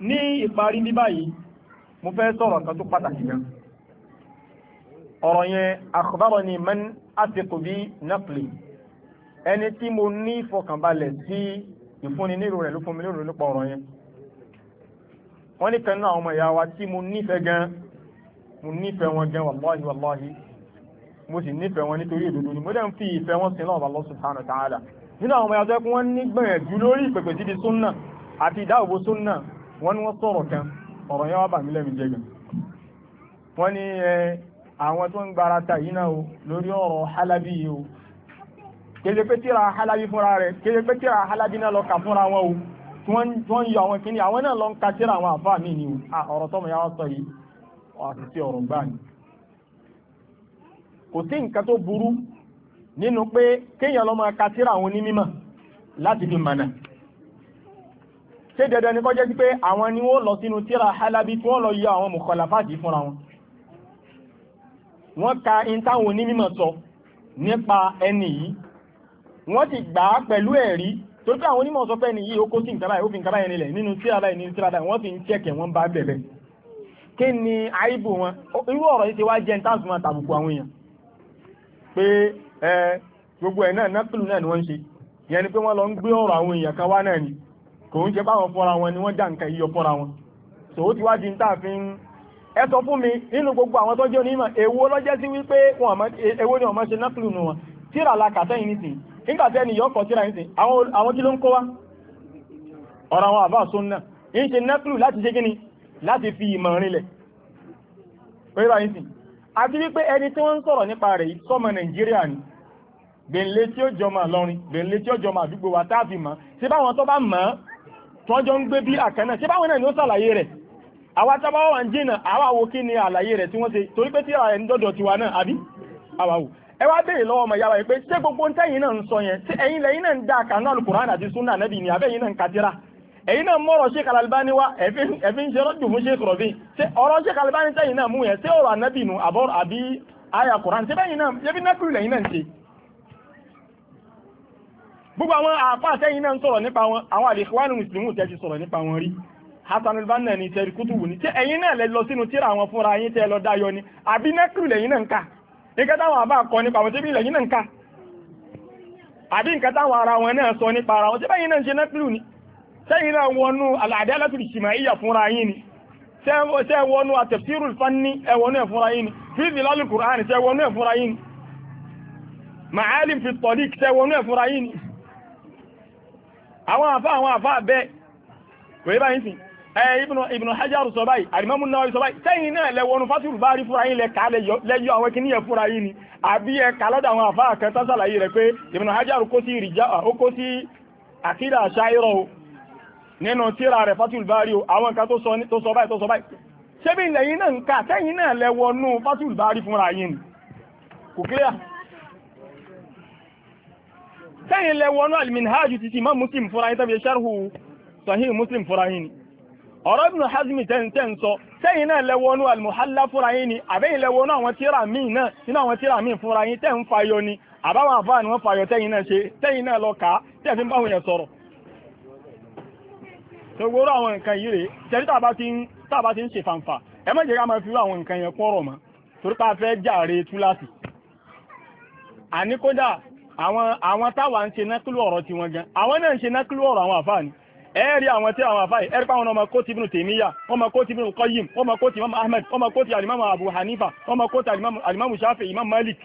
ní ìparí ní báyìí mo fẹ́ sọ̀rọ̀ kan tó pàtàkì gan ọ̀rọ̀ yẹn àkọ́bárọ̀ ni man àtẹ̀kù bí napoli ẹni tí mo ní ìfọkànbalẹ̀ sí ìfúnni nílò rẹ̀ ló fún mi lórí nípa ọ̀rọ̀ yẹn wọ́n ní kan náà àwọn ọmọ ìyá wa tí mo nífẹ̀ẹ́ gan mo nífẹ̀ẹ́ wọn gan wàláhi wàláhi mo sì nífẹ̀ẹ́ wọn nítorí òdodo ni mo dẹ̀ ń fi ìfẹ́ wọn sin lọ́wọ́ Allah subhanahu wa nínú àwọn ọmọ ìyá tó yẹ kí wọ́n ní gbìyànjú lórí ìpèpè síbi súnnà àti ìdáàbò súnnà wọ́n ní wọ́n sọ̀rọ̀ kan ọ̀rọ̀ yẹn wá bà mí lẹ́mí jẹ́gàn wọ́n ní àwọn tó ń gbára ta yìí o lórí ọ̀rọ̀ halabi yìí o kéde pé tíra halabi fúnra rẹ̀ kéde pé tíra halabi náà lọ kà fúnra wọn o tí wọ́n ń yọ àwọn kíní àwọn náà lọ ń ka tíra àwọn àfa mi ni o ọ̀rọ̀ tọ́mọ yà wá sọ yìí àtúntì ọ̀rọ̀ gbà ni kò sí nǹkan tó burú nínú pé kéèyàn lọ ka tíra àwọn onímọ̀ láti fi mànà ṣé dandan ni kó jẹ́ sí pé àwọn ni wọ́n lọ sínú tíra halabi tí wọ́n lọ yọ àwọn mukhalafati fúnra wọn wọ́n ka in táwọn onímọ̀ sọ nípa ẹni yìí wọ́n ti gbà á pẹ̀lú ẹ̀rí tó pé àwọn onímọ̀ sọ pé ẹni yìí ó sí nǹkan ó fi nǹkan báyìí nílẹ̀ nínú tíra ni àìbù wọn irú ọ̀rọ̀ yìí ti wá jẹ́ táàsùn máa tàbùkù àwọn èèyàn pé ẹ gbogbo ẹ̀ náà nápìlù náà ni wọ́n ń ṣe ìyẹn ni pé wọ́n lọ ń kò ń ṣe báwọn fọ́ra wọn ni wọ́n já nǹkan yíyọ fọ́ra wọn so ó ti wá di níta fi ń ẹ sọ fún mi nínú gbogbo àwọn tọ́jú onímọ̀ èwo lọ́jẹ́ sí wípé èwo ni ọmọ ṣe náfìlù nù wọn tíra la kàtẹ́yìn nìsín nígbà tẹ́ nìyọ́ kọ tíra nìsín àwọn kí ló ń kó wá ọ̀rọ̀ àwọn àbá sunna ń ṣe náfìlù láti ṣe kíni láti fi ìmọ̀ rinlẹ̀ pẹ̀lú àyíṣìn àti wípé ẹni tí wọ́n ń sọ̀rọ̀ nípa rẹ̀ sọ́mọ Nàìjíríà ni bèǹlé tí ó jọmọ lọrin bèǹlé tí ó jọmọ àdúgbò wa táàfin mọ́ sí báwọn tó bá mọ́ tọ́jọ́ ń gbé bí àkànnà ṣé báwọn náà ni ó ṣàlàyé rẹ̀ àwa tábáwọ̀ wà ń jìnà àwa wo kí ni àlàyé rẹ̀ tí wọ́n ṣe torí pé tí ara ẹ̀ ń dọ́dọ̀ tiwa náà àbí àwa wò ẹ wá béèrè lọ́wọ́ ọmọ ìyá wa pé ṣé gbogbo ń tẹ́yìn náà ń sọ yẹn ṣé ẹ̀yin lẹ́yìn náà ń da àkànnà alukur'an àti sunna nẹ́bì ni àbẹ́yìn náà ń kadira ẹ̀yin náà mọ̀rọ̀ Sheikh Al-Albani wá ẹ̀fí ń ṣe rọ́jù fún Sheikh Rabi ṣé ọ̀rọ̀ Sheikh Al-Albani tẹ́yìn náà mú yẹn ṣé ọ̀rọ̀ ànábì nù àbí àyà kur'an ṣé bẹ́yìn náà ṣé bí nákùrù lẹ́yìn náà ń ṣe gbogbo àwọn àfáà sẹ́yìn náà ń sọ̀rọ̀ nípa wọn àwọn àlèkùwánù mùsùlùmù tẹ́ ti sọ̀rọ̀ nípa wọn rí Hassan al-Banna ni tẹ́ kútùbù ni tí ẹ̀yin náà lè lọ sínú tíra àwọn fúnra yín tẹ́ lọ dáyọ ni àbí nẹ́kìrì lẹ́yìn náà ń kà nǹkan táwọn àbá kọ nípa wọn tẹ́bí lẹ́yìn náà ń kà àbí nǹkan táwọn ara wọn náà sọ nípa ara wọn tẹ́bí náà ń ṣe nẹ́kìrì ni sẹ́yìn náà wọnú al-adalatul ijtima'iyya fúnra yín ni tẹ́ wọnú at fanni ẹ wọnú yín ni fi zilalil Qur'an wọnú ẹ̀ yín ni ma'alim fi tariq tẹ́ wọnú ẹ̀ yín ni àwọn àfá àwọn àfá bẹ́ kò yẹ báyìí sìn Ibn Hajar sọ báyìí Al-Imam Nawawi sọ báyìí sẹ́yìn náà lẹ́wọ́nu ka Bari fúra yìí lẹ lẹ́yọ àwọn kìíní yẹ fúra yìí ni àbí ẹ kàlọ́dà àwọn àfá kan tásàlàyé rẹ pé Ibn Hajar kó sí ìrìjá ó kó sí àkídà o nínú tíra rẹ̀ Fathul Bari o àwọn kan tó sọ báyìí tó sọ báyìí ṣé bí náà náà lẹ́wọ́nu sẹ́yìn lẹ wọnú alminhaju títí imam muslim fúra yín tàbí sharhu sahih muslim fúra yín ni ọ̀rọ̀ ibn hazmi tẹ́ǹtẹ́ ń sọ sẹ́yìn náà lẹ wọnú almuhalla fúra yín ni àbẹ́yìn lẹ wọnú àwọn tíra míì náà nínú àwọn tíra míì fúra yín tẹ́ ń fayọ ni àbáwọn àfáà ni wọ́n fayọ tẹ́yìn náà ṣe tẹ́yìn náà lọ kà á tẹ́ fi ń báwọn yẹn sọ̀rọ̀ ṣogbóró àwọn nǹkan yìí rèé tẹ́lí tàbá ti ń ṣe fanfa ẹ má jẹ́ ká máa fi rú àwọn nǹkan yẹn pọ́rọ̀ mọ́ torí pa fẹ́ jàre túláàsì àníkódà àwọn àwọn táwa ń ṣe nákìlú ọ̀rọ̀ ti wọn gan àwọn náà ń ṣe nákìlú ọ̀rọ̀ àwọn àfáà ni ẹ̀ẹ́rì àwọn tí àwọn àfáà ẹ̀rí pàwọn ọmọ tèmíyà ọmọ kóòtù ibùnú kọyìm ọmọ ahmed ọmọ alimamu abu hanifa ọmọ alimamu shafi imam malik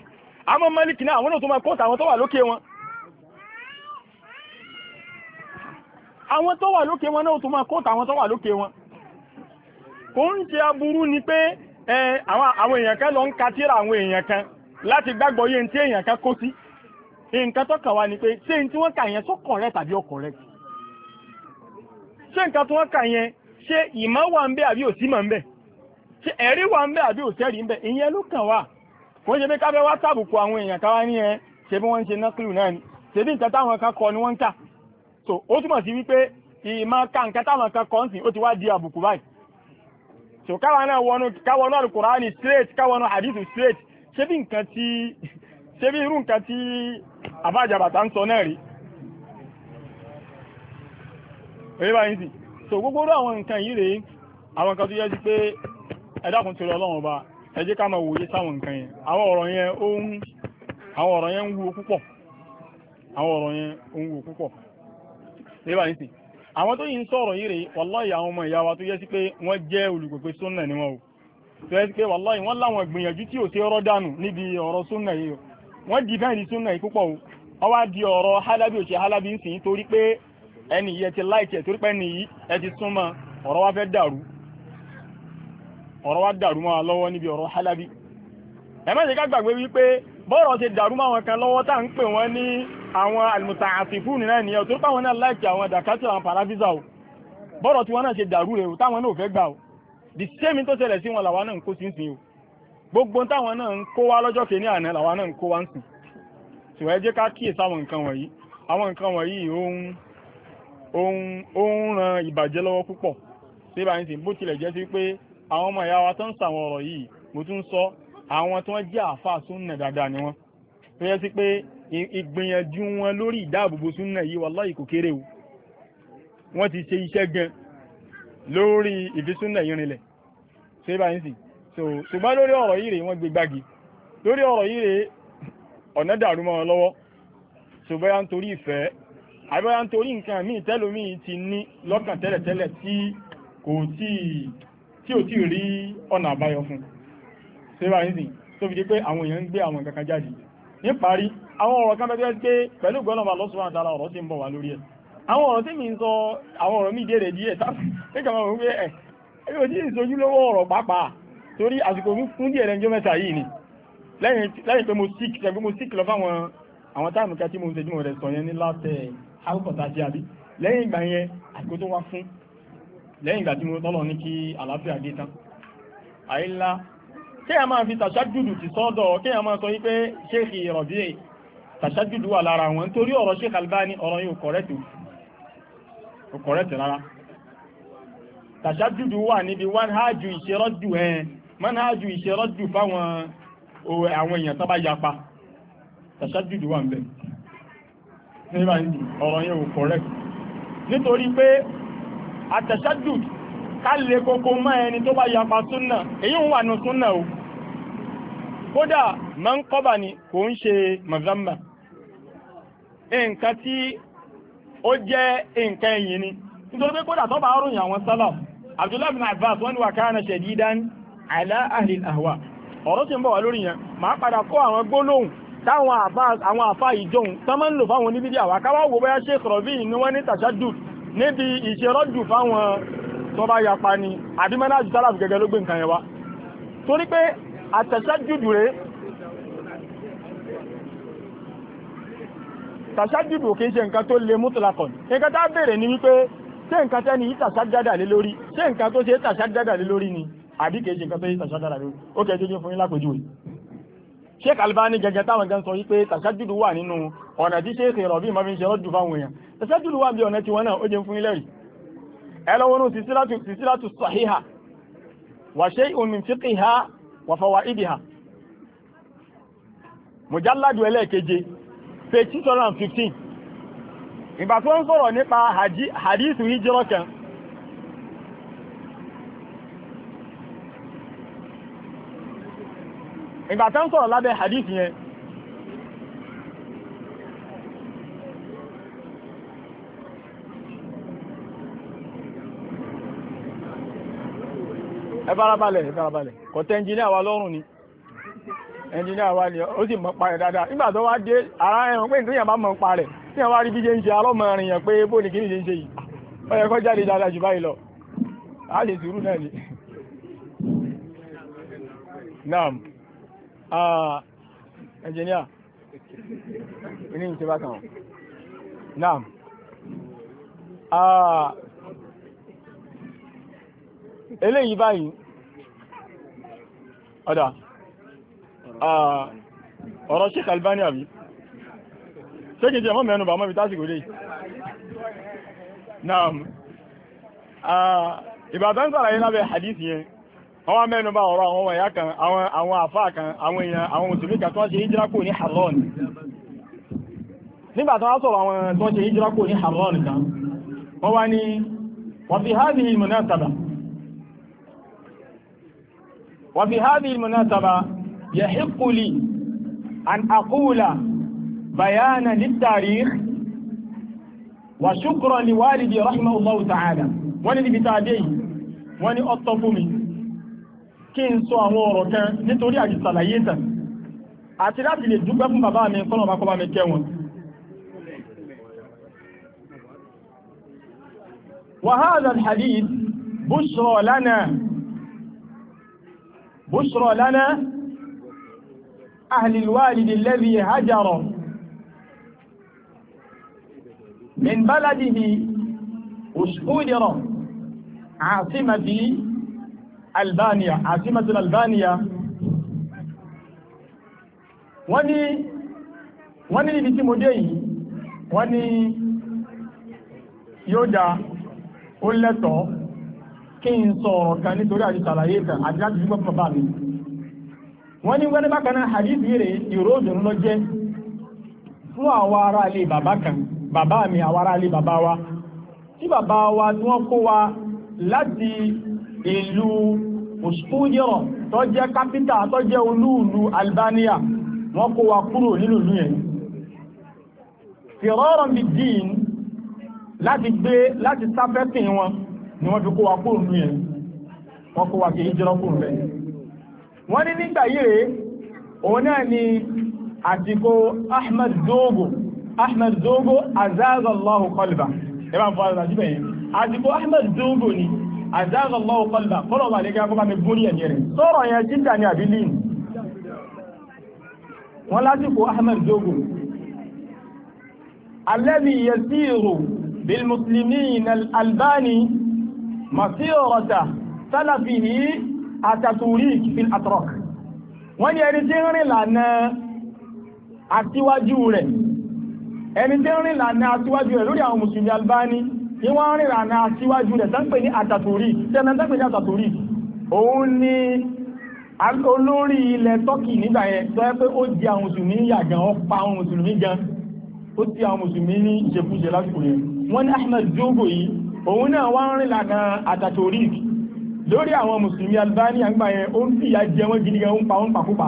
àmọ́ malik náà àwọn náà tó máa kóòtù àwọn tó wà lókè wọn nǹkan tó kàn wá ni pé ṣé n tí wọ́n kà yẹn tó correct tàbí ó correct ṣé nǹkan tó wọ́n kà yẹn ṣé ìmọ̀ wà ń bẹ àbí òsì mọ̀ ń bẹ ṣé ẹ̀rí wà ń bẹ àbí òsì rí ń bẹ ìyẹn ló kàn wá kò ń ṣe pé ká fẹ́ wá tàbùkù àwọn èèyàn ká ní ẹ ṣe bí wọ́n ń ṣe nọ́kìlù náà ni ṣe bí nǹkan táwọn kan kọ ni wọ́n ń kà so ó túmọ̀ sí wípé ìmọ̀ ká nǹkan táwọn kan kọ ń sìn ó ti wá di àbùkù báyìí so káwọn náà wọnú káwọn náà Kùránì straight káwọn náà hadithu straight ṣe bí nǹkan tí ṣe bí irú nǹkan tí àbájàbàtà ń sọ náà rí so gbogbo rú àwọn nǹkan yìí rèé àwọn nǹkan tó yẹ sí pé ẹ dákun Ọlọ́run ọba ẹ ká máa wòye sáwọn nǹkan yẹn àwọn ọ̀rọ̀ yẹn ó ń àwọn ọ̀rọ̀ yẹn ń wúwo púpọ̀ àwọn ọ̀rọ̀ yẹn ó ń wúwo púpọ̀ àwọn tó yìí ń sọ̀rọ̀ yìí rèé àwọn ọmọ ìyá wa tó sí pé wọ́n o tó sí pé wọ́n láwọn o wọ́n dìfẹ́ǹdì yìí púpọ̀ o wọ́n wá di ọ̀rọ̀ halabi ò halabi ń sìn torí pé ẹni yìí ẹ ti láìkì ẹ̀ torí pé ẹni yìí ẹ ti súnmọ́ ọ̀rọ̀ wá fẹ́ dàrú ọ̀rọ̀ wá dàrú mọ́ lọ́wọ́ níbi ọ̀rọ̀ halabi ẹ má ṣe ká gbàgbé wípé bọ́ọ̀rọ̀ ṣe dàrú mọ́ àwọn kan lọ́wọ́ tá à ń pè wọ́n ní àwọn àlùmùtà àtìfù nínú ẹ̀nìyàn torí páwọn náà láìkì àwọn dàkátì àwọn pàràfíṣà o bọ́ọ̀rọ̀ tí wọ́n náà ṣe dàrú rẹ̀ o táwọn náà ẹ̀sìn wa ẹ jẹ́ ká kíyè sáwọn nǹkan wọ̀nyí àwọn nǹkan wọ̀nyí ó ń ran ìbàjẹ́ lọ́wọ́ púpọ̀ ṣé báyìí sì bó tilẹ̀ jẹ́ sí pé àwọn ọmọ ìyá wa tó ń sàwọn ọ̀rọ̀ yìí mo tún sọ àwọn tí wọ́n jẹ́ àáfàá súnnà dáadáa ni wọ́n tó yẹ sí pé ìgbìyànjú wọn lórí ìdáàbòbò súnnà yìí wàláhì kò kéré o wọ́n ti ṣe iṣẹ́ gan lórí ìfisúnnà yìí rinlẹ̀ ṣé báyìí sì ṣùgbọ́n lórí ọ̀rọ̀ yìí rèé wọ́n gbé gbági lórí ọ̀rọ̀ yìí rèé oneda dàrú mọ́ wọn lọ́wọ́ ṣùgbọ́n ife ń torí ìfẹ́ àbẹ́yà ń torí nǹkan míì tẹ́lómi ti ní lọ́kàn tẹ́lẹ̀tẹ́lẹ̀ tí kò tí tí ò tí rí ọ̀nà àbáyọ fún ṣébà nìsín tó fi di pé àwọn èèyàn ń gbé àwọn kankan jáde níparí àwọn ọ̀rọ̀ kan bẹ́ẹ̀ pé pẹ̀lú gbọ́nà bá lọ́sùn ọ̀rọ̀ tí ń bọ̀ wá lórí ẹ̀ àwọn ọ̀rọ̀ tí mi ń sọ àwọn ọ̀rọ̀ mi dèrè díẹ̀ lẹ́yìn pé mo sick ṣe pé mo sick lọ fáwọn àwọn táàmù kan tí mo ṣe jùmọ̀ rẹ̀ sọ yẹn ní látẹ̀ àwòkọ̀tà ṣe àbí lẹ́yìn ìgbà yẹn àsìkò tó wá fún lẹ́yìn ìgbà tí mo tọ́lọ̀ ní kí àlàáfíà dé tán àìlá kí a máa fi tàṣájúdù ti sọ́dọ̀ kí a máa sọ wípé ṣéèkì ìrọ̀bí ẹ̀ tàṣájúdù wà lára wọn torí ọ̀rọ̀ ṣéèkì Albani ọ̀rọ̀ yìí ò kọ̀rẹ́tì rárá tàṣájúdù wà níbi wọ́n hájú ìṣerọ́jù ẹ̀ mọ́n hájú ìṣerọ́jù fáwọn àwọn èèyàn tó bá yapa tàṣájúdù wà ń bẹ̀ nígbà ní ọ̀rọ̀ yẹn ò correct nítorí pé àtàṣájúdù ká lè kókó mọ́ ẹni tó bá yapa súnà èyí ń wà ní súnà o kódà máa ń kọ́bà ni kò ń ṣe mazamba nǹkan tí ó jẹ́ nǹkan ẹ̀yìn ni nítorí pé kódà tó bá ròyìn àwọn sálà Abdullahi bin Abbas wọn ni wà kana shadidan ala ahli al-ahwa ọ̀rọ̀ tí ń bọ̀ wá lórí yẹn máa padà kọ́ àwọn gbólóhùn táwọn àfá ìjọun tán ń lò fáwọn oníbídí àwà káwà wò bóyá Sheikh Rabi ni wọ́n ní tàṣádù níbi ìṣerọ́jù fáwọn tó bá yapa ni àbí mẹ́nájú tálàfù gẹ́gẹ́ ló gbé nǹkan yẹn wa, torí pé àtàṣádù rèé tàṣájúdù kìí ṣe nǹkan tó lè mútùlákọ̀ nǹkan tá bèèrè ní wípé ṣé nǹkan tẹ́ni yìí tàṣájádà lé lórí ṣé nǹkan tó ṣe tàṣájádà lé lórí ni àbí kìí ṣe nǹkan tó yí tàṣàgára rẹ̀ ó kẹ́ jẹ́jẹ́ fún yín lápèjúwe Sheikh Albani gẹ́gẹ́ táwọn gan sọ wípé tàṣàjúdù wà nínú ọ̀nà tí Sheikh Rabi ma fi ń ṣe rọ́jù fáwọn èèyàn tàṣàjúdù wà bí ọ̀nà tí wọn náà ó jẹ́ fún yín lẹ́rìí ẹ lọ wọnú sísílátù sahiha wa shay'un min fiqhiha wa fawaidiha mujalladu ẹlẹ́ẹ̀keje page 615 ìgbà tó ń sọ̀rọ̀ nípa hadithu hijrọ̀ kan ìgbà tán sọ̀rọ̀ lábẹ́ hadith yẹn ẹbárabalẹ̀ ẹbárabalẹ̀ kọ̀tẹ́ ẹnjìnlẹ̀ wa lọ́rùn ni ẹnjìnlẹ̀ wa ni ó sì mọ̀ pa rẹ̀ dáadáa tó wá dé ara ẹ̀rùn pé nǹkan bá mọ̀ pa rẹ̀ tí wọ́n wá rí bí ń ṣe ah ẹnjìníà ní ìṣẹ́bá kan náà ah, eléyìí báyìí ọ̀dà ah, ọ̀rọ̀ Sheikh Albani àbí ṣékì jẹ́ mọ́ mẹ́nu bà mọ́ bí tásìkò lè náà ìbàbẹ́ ń sàràyé lábẹ́ hadith yẹn àwọn mẹ́nubà ọ̀rọ̀ àwọn ọmọ ìyá kan àwọn àfáà kan àwọn èèyàn àwọn mùsùlùmí kan tó ń ṣe ìjírá kò ní Haran nígbà tó wá sọ̀rọ̀ àwọn tó ń ṣe ìjírá kò ní Haran kan wọ́n wá ní wọ́n fi hádìí ìmùnátàbà wọ́n fi hádìí ìmùnátàbà يحق لي أن أقول بيانا للتاريخ وشكرا لوالدي رحمه الله تعالى ولدي بتادي ولي أطفمي kí n sọ àwọn ọ̀rọ̀ kan nítorí àjíṣàlàyé ìtàn àti láti lè dúpẹ́ fún bàbá mi kọ́nà bá kọ́bá mi kẹ́ wọn wa hadha al-hadith bushra lana bushra lana ahli al-walid alladhi hajara min baladihi albania asimatul albania wọ́n ní wọ́n ní ibi tí mo dé yìí wọ́n ní yóò dá ó lẹ́tọ̀ọ́ kí n sọ ọ̀rọ̀ kan nítorí àti ṣàlàyé kan àti láti dúpọ̀ fún bàbá mi wọ́n ní wẹ́n bákan náà hadith yìí rèé ìró lọ jẹ́ fún àwa ará ilé bàbá kan bàbá mi àwa ará ilé bàbá wa tí bàbá wa tí wọ́n kó wa láti ìlú òṣùpúnjẹ́rọ̀ tó jẹ́ kápítà tó jẹ́ olúùlú Albania wọ́n kó wa kúrò nínú ìlú yẹn fìrọ́rọ̀ mi láti gbé láti wọn ni wọ́n fi kó wa kúrò nínú wọ́n kó wa kì í jẹ́rọ́ kúrò rẹ̀ wọ́n nígbà yìí òun náà ni Ahmed Zogo Ahmed Zogo azazallahu fọ́ àzáàrọ̀ lọ́wọ́ kọlùbà kọlọ̀ wà lẹ́gẹ́ akọ́bà mi gún ní ẹ̀mí rẹ̀ sọ́rọ̀ yẹn jíjà ní àbí líìn wọ́n lásìkò Ahmed Dogo alẹ́bí yẹ sí ìrò bil musulmi na albani masu ọ̀rọ̀ta sálàfì ní àtàtúrí fil atrok wọ́n ni ẹni tí ń rìn lànà àtiwájú rẹ̀ ẹni tí ń rìn lànà àtiwájú rẹ̀ lórí àwọn musulmi albani tí wọ́n rìn rànà síwájú rẹ̀ tán pè ní àtàtòrí tẹ́mẹ́ tán pè ní àtàtòrí òun ni olórí ilẹ̀ tọ́kì nígbà yẹn tó yẹ pé ó di àwọn mùsùlùmí yà gan ó pa àwọn mùsùlùmí gan ó ti àwọn mùsùlùmí ní ìṣekúṣe lásìkò yẹn wọ́n ní Ahmed Jogo yìí òun náà wá ń rìn lànà àtàtòrí lórí àwọn mùsùlùmí Albani àgbà yẹn ó ń fìyà jẹ wọ́n gidi gan ó ń pa ó ń pàkópa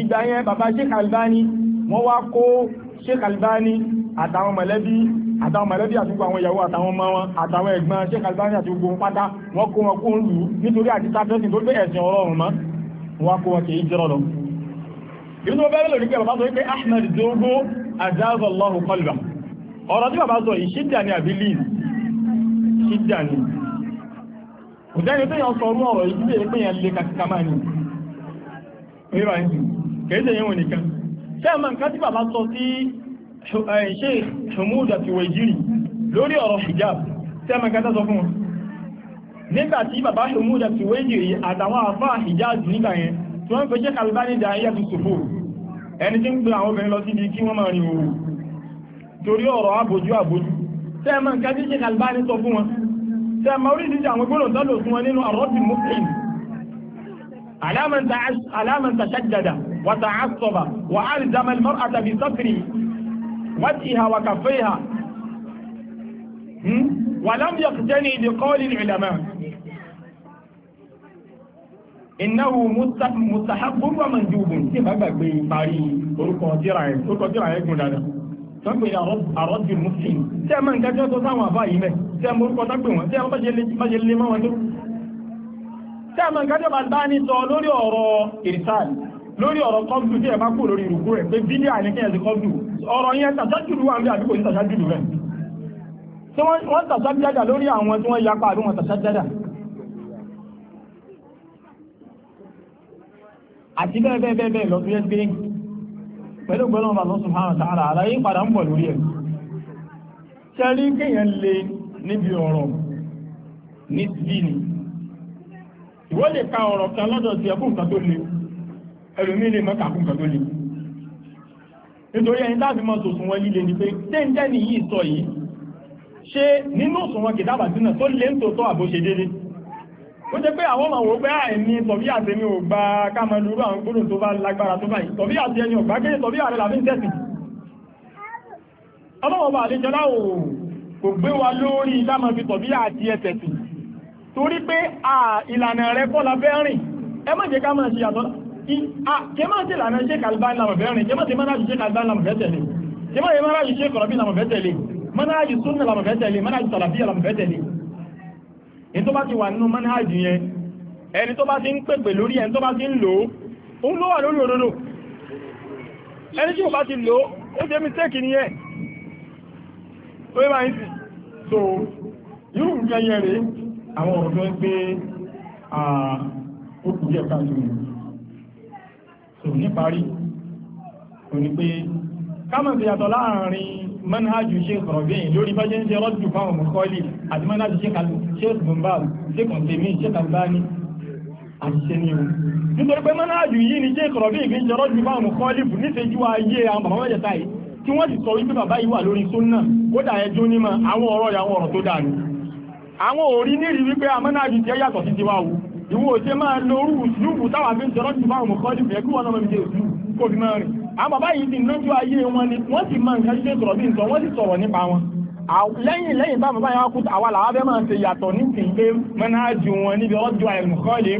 ìgbà yẹn bàbá Sheikh Albani wọ́n wá kó Sheikh Albani àtàwọn mọ̀lẹ́bí àtàwọn mọ̀lẹ́bí àti gbogbo àwọn ìyàwó àtàwọn ọmọ wọn àtàwọn ẹ̀gbọ́n Sheikh Albani àti gbogbo pátá wọ́n kó wọn kó ń lù ú nítorí àti sáfẹ́sì tó gbé ẹ̀sìn ọlọ́run mọ́ wọ́n kó wọn kì í jẹ́rọ lọ. ìlú tó bẹ́rẹ̀ lórí pé bàbá sọ pé Ahmed Dogo ajaza Allahu qalba ọ̀rọ̀ tí bàbá sọ yìí ṣídà ni àbí lì ṣídà ni kò jẹ́ni tó yàn sọ orú ọ̀rọ̀ yìí sílẹ̀ pé yẹn lè kàkàkà máa ní ìrọ̀ àìsàn kèéjẹ yẹn wọ̀n nìkan ṣé ẹ̀ nǹkan tí bàbá sọ sí Sheikh Humud Tiwajiri lórí ọ̀rọ̀ hijab tí a máa kẹta sọ fún wọn nígbàtí bàbá Humud Tiwajiri àtàwọn àfá hijab nígbà yẹn tí wọ́n fẹ́ Sheikh Albani dá ayé fi sòfò ẹni tí ń gbé àwọn obìnrin lọ síbi kí wọ́n máa rìn òru torí ọ̀rọ̀ àbójú àbójú tí a máa kẹta Sheikh Albani sọ fún wọn tí a máa oríṣiríṣi àwọn gbọ́dọ̀ tọ́lọ̀ fún wọn nínú àrọ́bì muslim alámàntà ṣàjàdà wàtà àṣọba wà á rí zamal mọ́ra àtàbí وجهها وكفيها ولم يقتني بقول العلماء إنه مستحب ومندوب سبب بماري orúkọ tíra ẹ̀ orúkọ tíra ẹ̀ gùn dáadáa sọ́pẹ́ àrọ́jù muslim tí a máa ń kájọ́ tó sáwọn àbá yìí mẹ́ tí a mọ orúkọ tó pè wọ́n tí a bá ṣe lè máa wọn tó tí a máa ń kájọ́ bá bá ní sọ lórí ọ̀rọ̀ ìrìsáàlì lórí ọ̀rọ̀ kọ́bù tí ẹ bá kú lórí ìrùkú rẹ̀ pé bídíà ní kí ẹ ti kọ́bù ọ̀rọ̀ yẹn tàṣájúdù wà ń bí àdúgbò ní tàṣájúdù rẹ̀ tí wọ́n tàṣájúdà lórí àwọn tí wọ́n yapa àbí wọn tàṣájúdà àti bẹ́ẹ̀ bẹ́ẹ̀ bẹ́ẹ̀ lọ tó yẹ gbé pẹ̀lú pẹ̀lú ọmọ Allah subhanahu wa ta'ala àlàyé padà ń bọ̀ lórí ẹ̀ ṣẹ́rí kéèyàn lè níbi ọ̀rọ̀ ní bí ni ìwọ́n lè ka ọ̀rọ̀ kan lọ́dọ̀ sí ẹkùn kan tó le ẹlòmí lè mọ́ka kún kan tó le nítorí ẹni láti mọ́ tòsùn wọn líle ni pé tẹ́ǹtẹ́ ni yìí sọ yìí ṣe nínú òsùn wọn kìtàbà sínú tó lé ń tòótọ́ àbóṣe dédé ó jẹ́ pé àwọn ọmọ wò pé àìní ah, tọ̀bí àti ẹni ògbà kámọlúrú àwọn gbóòrùn tó bá lágbára tó báyìí tọ̀bí àti ẹni ògbà kéde tọ̀bí ààrẹ làbí ń tẹ̀sìn la fẹ́ rìn ẹ má jẹ́ jẹ́mọ́ tí lànà ṣe kàlbán lámọ̀ fẹ́ rìn jẹ́mọ́ tí mọ́nà ṣe kàlbán lámọ̀ fẹ́ tẹ̀lé jẹ́mọ́ tí mọ́nà ṣe kọ̀rọ̀bí lámọ̀ fẹ́ tẹ̀lé mọ́nà ṣe súnnà lámọ̀ fẹ́ tẹ̀lé mọ́nà ṣe sàlàfíà lámọ̀ fẹ́ tẹ̀lé ẹni tó bá ti wà nínú mọ́nà ṣe yẹn ẹni tó bá ti ń pèpè lórí ẹni tó bá ti ń lò ó ń ló wà lórí òdodo ẹni tí ó bá ti lò ó ṣe mistake ni yẹn ó yẹ máa ń sì so yóò ń gẹ́yẹ rèé àwọn ọ̀rọ̀ tó ń gbé ah, ó kù díẹ̀ káàkiri so níparí kò ní pé kámọ̀ sí yàtọ̀ láàrin manhajù ṣe kọ̀rọ̀bìn lórí bá jẹ́ ń ṣe rọ́jù fáwọn mọ̀kọ́lì àti manhajù ṣe kàlùbọ̀n ṣe kọ̀ǹtẹ̀mí ṣe kàlùbáni àti ṣe ní o nítorí pé ni ṣe kọ̀rọ̀bìn fi ń ṣe rọ́jù fáwọn mọ̀kọ́lì fún níṣẹ́jú ayé àwọn bàbá mẹ́jẹta yìí tí wọ́n ti sọ wípé bàbá yìí wà lórí súnnà kódà ẹjọ́ nímọ̀ àwọn ọ̀rọ̀ àwọn ọ̀rọ̀ tó dànù àwọn ìwọ̀n òṣè máa lo orú ìṣúùbù táwà fi ń sọ̀rọ̀ jù fáwọn mọ̀kọ́lù fẹ́ kí wọ́n náà mẹ́jẹ ìṣú kò fi máa rìn àwọn bàbá yìí ti lójú ayé wọn ni wọ́n sì máa nǹkan ṣe sọ̀rọ̀ bí nǹkan wọ́n sì sọ̀rọ̀ nípa wọn lẹ́yìn lẹ́yìn bá bàbá yà kú àwa làwa fẹ́ máa ṣe yàtọ̀ ní ti pé mẹ́nájú wọn níbi ọjọ́ àìmọ̀kọ́lù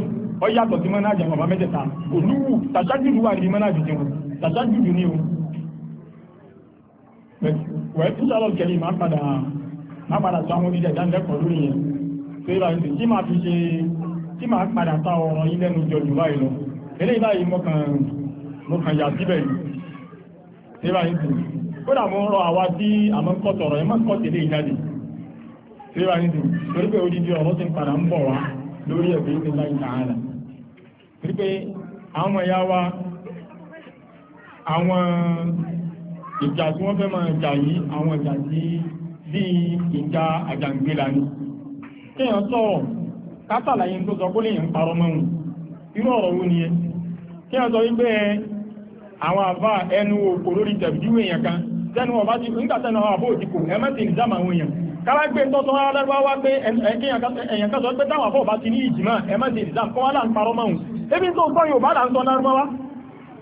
ọ yàtọ̀ sí mẹ́nájú àwọn mẹ́tẹ̀ẹ̀ta olúwù tàṣájúdù wà ni o wẹ́ẹ́ tí sọ́lọ́ kẹ́lì máa padà tí máa padà ta ọ̀rọ̀ yí lẹ́nu jọ jù báyìí lọ ilé ìbáyìí mọ́kàn yà síbẹ̀ yìí kódà mọ́ rọ a mọ́ kọ́tọ̀rọ̀ ẹ má kọ́tẹ̀ lè jáde tí wà ní dùn torí pé odidi ọ̀rọ̀ ti ń padà ń bọ̀ wá lórí ẹ̀bí ní láì tààlà torí pé àwọn ẹ̀yà wa àwọn ìjà tí wọ́n fẹ́ máa jà yìí àwọn ìjà tí bí ìjà àjàngbéla ni kéèyàn sọ̀rọ̀ kátàlàyé tó sọ kólé ń parọ́ mọ́ wọn irú ọ̀rọ̀ wo ni ẹ kí wọ́n sọ wípé àwọn àbá ẹnu òkò lórí tẹ̀bíjú èèyàn kan tẹnu ọba ti nígbà tẹnu àwọn àbó òtìkò ẹmẹ́tì ní dáàmà àwọn èèyàn kára tọ́tọ́ arábá wá pé èèyàn kan sọ pé táwọn àbó ọba ti ní ìjìmá ẹmẹ́tì ní dáàmà kọ́ wá ń parọ́ mọ́ wọn ebi tó gbọ́ yóò bá là ń sọ lárúbáwá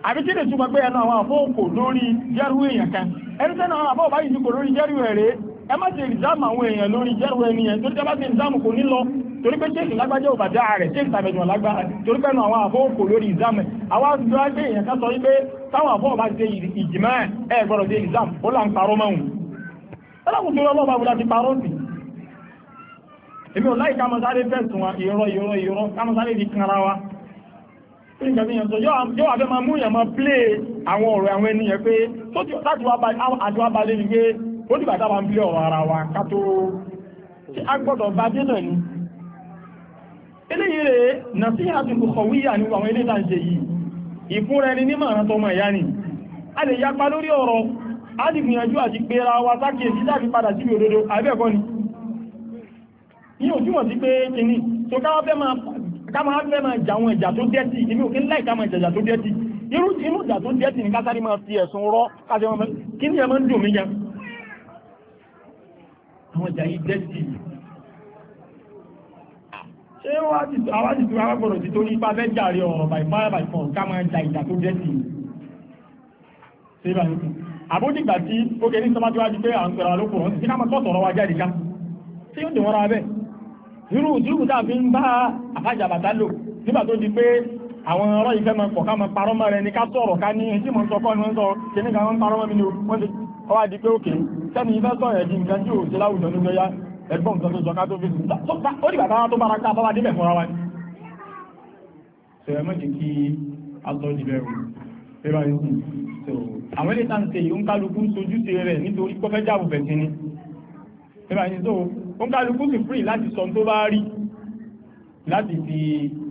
àbí tí lè túmọ̀ pé ẹnu àwọn àbó òkò lórí jẹ́rú èèyàn kan ẹni tẹnu àwọn àbó ọba yìí ti kò lórí jẹ́rú ẹ̀rẹ́ ẹ má ṣe exam àwọn èèyàn lórí jẹ́rù ẹniyàn tó jẹ́ bá ṣe ìjáàmù kò ní lọ torí pé ṣéèkì lágbájẹ́ ò bàjá rẹ̀ ṣéèkì tàbẹ̀jọ̀ lágbára torí nu àwọn àbọ̀ lórí ìjáàmù àwọn àdúrà gbé èèyàn ká sọ wípé táwọn àbọ̀ bá ṣe ìjìmá ẹ̀ gbọ́dọ̀ ṣe ó là ń parọ́ tó lọ́wọ́ bàbá ti parọ́ sí èmi ò láì kámọ́sáré di yóò abẹ́ máa mú máa àwọn ọ̀rọ̀ àwọn pé ó dìgbà táwa ń bí ọ̀rọ̀ ara wa ká tó ṣe a gbọ́dọ̀ bá dé náà ni eléyìí rẹ̀ nàṣíhà ti kò wíyà ní àwọn ilé tàṣe yìí ìfúnra ẹni ní màrán tọmọ ìyá ni a lè yapa lórí ọ̀rọ̀ a lè gbìyànjú àti pera wa sákè sí láti padà síbi òdodo àbẹ́ẹ̀kọ́ ni ní òjúmọ̀ sí pé kìíní tó káwá fẹ́ máa jà àwọn ìjà tó dẹ́tì inú òkè láì ká máa jàjà tó dẹ́tì irú ìjà tó dẹ́tì ní kásáré àwọn ìjà yìí dẹ́tì ṣé àwọn ti tura gbọ́dọ̀ ti tó ní ipa fẹ́ jàre ọ̀rọ̀ by fire by force ká máa ja ìjà tó dẹ́tì ṣé bá yìí àbójìgbà tí ó kẹ́ ní sọmájúwájú pé à ń pẹ̀rọ àlókò wọn ti ká máa tọ́ sọ̀rọ̀ wa jáde ká tí ó dùn wọ́n ra bẹ́ẹ̀ irú ìdúrù tá a fi ń bá àfájà bàtà lò nígbà tó di pé àwọn ọ̀rọ̀ ìfẹ́ máa pọ̀ ká máa parọ́ mọ́ rẹ ní ká sọ̀rọ̀ ká ní ẹjí mọ̀ ń sọ kọ́ ni wọ́n sọ kí ní ká wọ́n parọ́ mọ́ mi ni wọ́n ti ọwá di pé òkè sẹ́ni ìfẹ́ sọ̀rọ̀ ẹ̀dí nǹkan tí ò ṣe láwùjọ ní lọ́yá ẹ̀gbọ́n tó sọ ká tó fi sùn ó dìgbà táwa tó bára ká báwa débẹ̀ fúnra wa ni. sọ̀rọ̀ kí a ìdìbẹ̀ rẹ̀ nítorí pọ́fẹ́ jáàbù